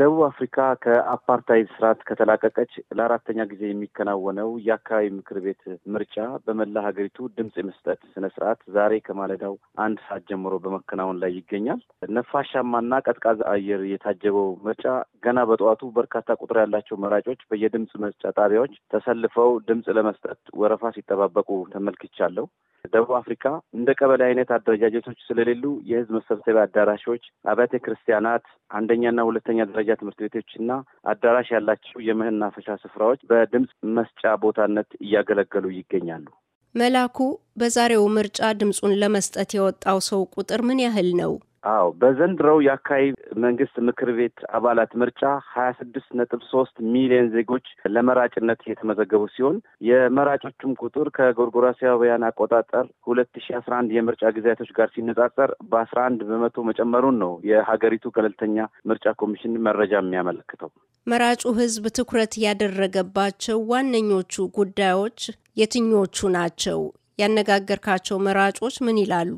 ደቡብ አፍሪካ ከአፓርታይድ ስርዓት ከተላቀቀች ለአራተኛ ጊዜ የሚከናወነው የአካባቢ ምክር ቤት ምርጫ በመላ ሀገሪቱ ድምፅ የመስጠት ስነ ስርዓት ዛሬ ከማለዳው አንድ ሰዓት ጀምሮ በመከናወን ላይ ይገኛል። ነፋሻማና ቀዝቃዛ አየር የታጀበው ምርጫ ገና በጠዋቱ በርካታ ቁጥር ያላቸው መራጮች በየድምፅ መስጫ ጣቢያዎች ተሰልፈው ድምፅ ለመስጠት ወረፋ ሲጠባበቁ ተመልክቻለሁ። ደቡብ አፍሪካ እንደ ቀበሌ አይነት አደረጃጀቶች ስለሌሉ የህዝብ መሰብሰቢያ አዳራሾች፣ አብያተ ክርስቲያናት፣ አንደኛና ሁለተኛ ደረጃ ትምህርት ቤቶችና አዳራሽ ያላቸው የመናፈሻ ስፍራዎች በድምፅ መስጫ ቦታነት እያገለገሉ ይገኛሉ። መላኩ፣ በዛሬው ምርጫ ድምፁን ለመስጠት የወጣው ሰው ቁጥር ምን ያህል ነው? አዎ በዘንድሮው የአካባቢ መንግስት ምክር ቤት አባላት ምርጫ ሀያ ስድስት ነጥብ ሶስት ሚሊዮን ዜጎች ለመራጭነት የተመዘገቡ ሲሆን የመራጮቹም ቁጥር ከጎርጎራሲያውያን አቆጣጠር ሁለት ሺ አስራ አንድ የምርጫ ጊዜያቶች ጋር ሲነጻጸር በአስራ አንድ በመቶ መጨመሩን ነው የሀገሪቱ ገለልተኛ ምርጫ ኮሚሽን መረጃ የሚያመለክተው። መራጩ ህዝብ ትኩረት ያደረገባቸው ዋነኞቹ ጉዳዮች የትኞቹ ናቸው? ያነጋገርካቸው መራጮች ምን ይላሉ?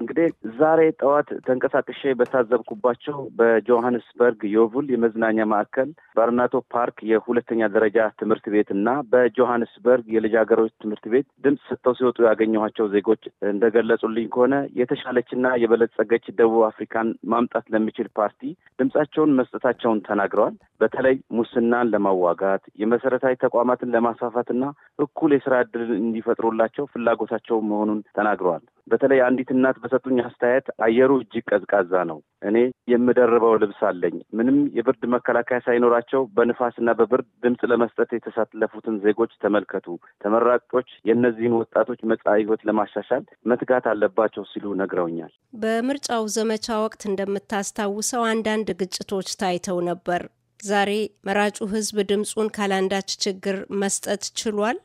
እንግዲህ ዛሬ ጠዋት ተንቀሳቅሼ በታዘብኩባቸው በጆሀንስበርግ ዮቭል የመዝናኛ ማዕከል፣ ባርናቶ ፓርክ የሁለተኛ ደረጃ ትምህርት ቤት እና በጆሀንስበርግ የልጃገሮች ትምህርት ቤት ድምፅ ሰጥተው ሲወጡ ያገኘኋቸው ዜጎች እንደገለጹልኝ ከሆነ የተሻለችና የበለጸገች ደቡብ አፍሪካን ማምጣት ለሚችል ፓርቲ ድምፃቸውን መስጠታቸውን ተናግረዋል። በተለይ ሙስናን ለማዋጋት የመሰረታዊ ተቋማትን ለማስፋፋትና እኩል የስራ እድል እንዲፈጥሩላቸው ፍላጎታቸው መሆኑን ተናግረዋል። በተለይ አንዲት እናት በሰጡኝ አስተያየት አየሩ እጅግ ቀዝቃዛ ነው። እኔ የምደርበው ልብስ አለኝ። ምንም የብርድ መከላከያ ሳይኖራቸው በንፋስና በብርድ ድምፅ ለመስጠት የተሳለፉትን ዜጎች ተመልከቱ። ተመራጮች የእነዚህን ወጣቶች መጻኢ ሕይወት ለማሻሻል መትጋት አለባቸው ሲሉ ነግረውኛል። በምርጫው ዘመቻ ወቅት እንደምታስታውሰው አንዳንድ ግጭቶች ታይተው ነበር። ዛሬ መራጩ ሕዝብ ድምፁን ካላንዳች ችግር መስጠት ችሏል።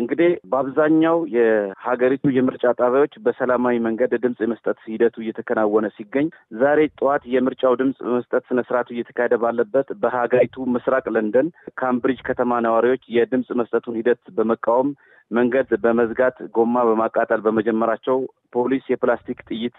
እንግዲህ በአብዛኛው የሀገሪቱ የምርጫ ጣቢያዎች በሰላማዊ መንገድ ድምፅ የመስጠት ሂደቱ እየተከናወነ ሲገኝ ዛሬ ጠዋት የምርጫው ድምፅ መስጠት ስነስርዓቱ እየተካሄደ ባለበት በሀገሪቱ ምስራቅ ለንደን ካምብሪጅ ከተማ ነዋሪዎች የድምፅ መስጠቱን ሂደት በመቃወም መንገድ በመዝጋት ጎማ በማቃጠል በመጀመራቸው ፖሊስ የፕላስቲክ ጥይት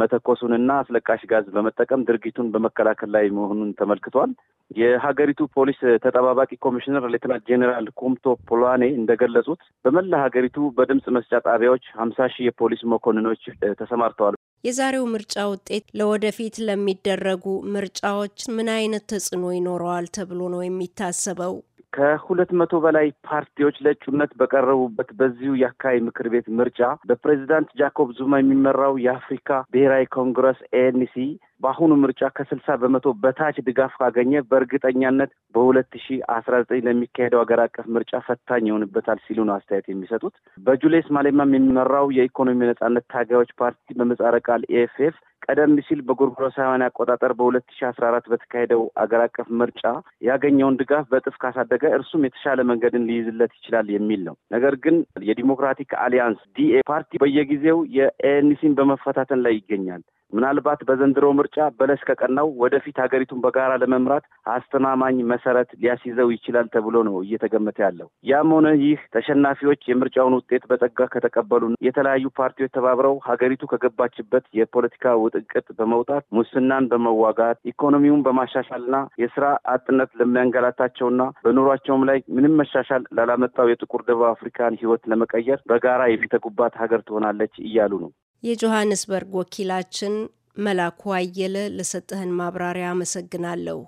መተኮሱንና አስለቃሽ ጋዝ በመጠቀም ድርጊቱን በመከላከል ላይ መሆኑን ተመልክቷል። የሀገሪቱ ፖሊስ ተጠባባቂ ኮሚሽነር ሌትናንት ጄኔራል ኩምቶ ፖላኔ እንደገለጹት በመላ ሀገሪቱ በድምፅ መስጫ ጣቢያዎች ሀምሳ ሺህ የፖሊስ መኮንኖች ተሰማርተዋል። የዛሬው ምርጫ ውጤት ለወደፊት ለሚደረጉ ምርጫዎች ምን አይነት ተጽዕኖ ይኖረዋል ተብሎ ነው የሚታሰበው? ከሁለት መቶ በላይ ፓርቲዎች ለእጩነት በቀረቡበት በዚሁ የአካባቢ ምክር ቤት ምርጫ በፕሬዚዳንት ጃኮብ ዙማ የሚመራው የአፍሪካ ብሔራዊ ኮንግረስ ኤንሲ በአሁኑ ምርጫ ከስልሳ በመቶ በታች ድጋፍ ካገኘ በእርግጠኛነት በሁለት ሺ አስራ ዘጠኝ ለሚካሄደው ሀገር አቀፍ ምርጫ ፈታኝ ይሆንበታል ሲሉ ነው አስተያየት የሚሰጡት። በጁሌስ ማሌማም የሚመራው የኢኮኖሚ ነጻነት ታጋዮች ፓርቲ በምህጻረ ቃል ኤኤፍኤፍ ቀደም ሲል በጎርጎሮሳውያን አቆጣጠር በሁለት ሺ አስራ አራት በተካሄደው አገር አቀፍ ምርጫ ያገኘውን ድጋፍ በእጥፍ ካሳደገ እርሱም የተሻለ መንገድን ሊይዝለት ይችላል የሚል ነው። ነገር ግን የዲሞክራቲክ አሊያንስ ዲኤ ፓርቲ በየጊዜው የኤንሲን በመፈታተን ላይ ይገኛል። ምናልባት በዘንድሮ ምርጫ በለስ ከቀናው ወደፊት ሀገሪቱን በጋራ ለመምራት አስተማማኝ መሰረት ሊያስይዘው ይችላል ተብሎ ነው እየተገመተ ያለው። ያም ሆነ ይህ ተሸናፊዎች የምርጫውን ውጤት በጸጋ ከተቀበሉ የተለያዩ ፓርቲዎች ተባብረው ሀገሪቱ ከገባችበት የፖለቲካ ውጥንቅጥ በመውጣት ሙስናን በመዋጋት ኢኮኖሚውን በማሻሻልና የስራ አጥነት ለሚያንገላታቸውና በኑሯቸውም ላይ ምንም መሻሻል ላላመጣው የጥቁር ደቡብ አፍሪካን ህይወት ለመቀየር በጋራ የሚተጉባት ሀገር ትሆናለች እያሉ ነው። የጆሐንስበርግ ወኪላችን መላኩ አየለ ለሰጠህን ማብራሪያ አመሰግናለሁ።